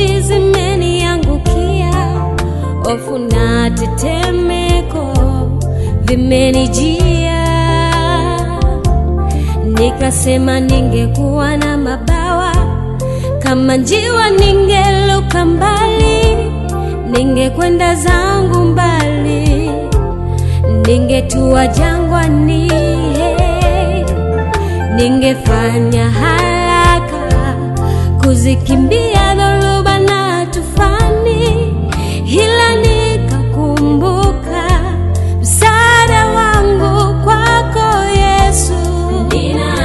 nyingi zimeniangukia, hofu na tetemeko vimenijia, nikasema ningekuwa na mabawa kama njiwa, ningeluka mbali, ningekwenda zangu mbali, ningetua jangwani, ningefanya haraka kuzikimbia know.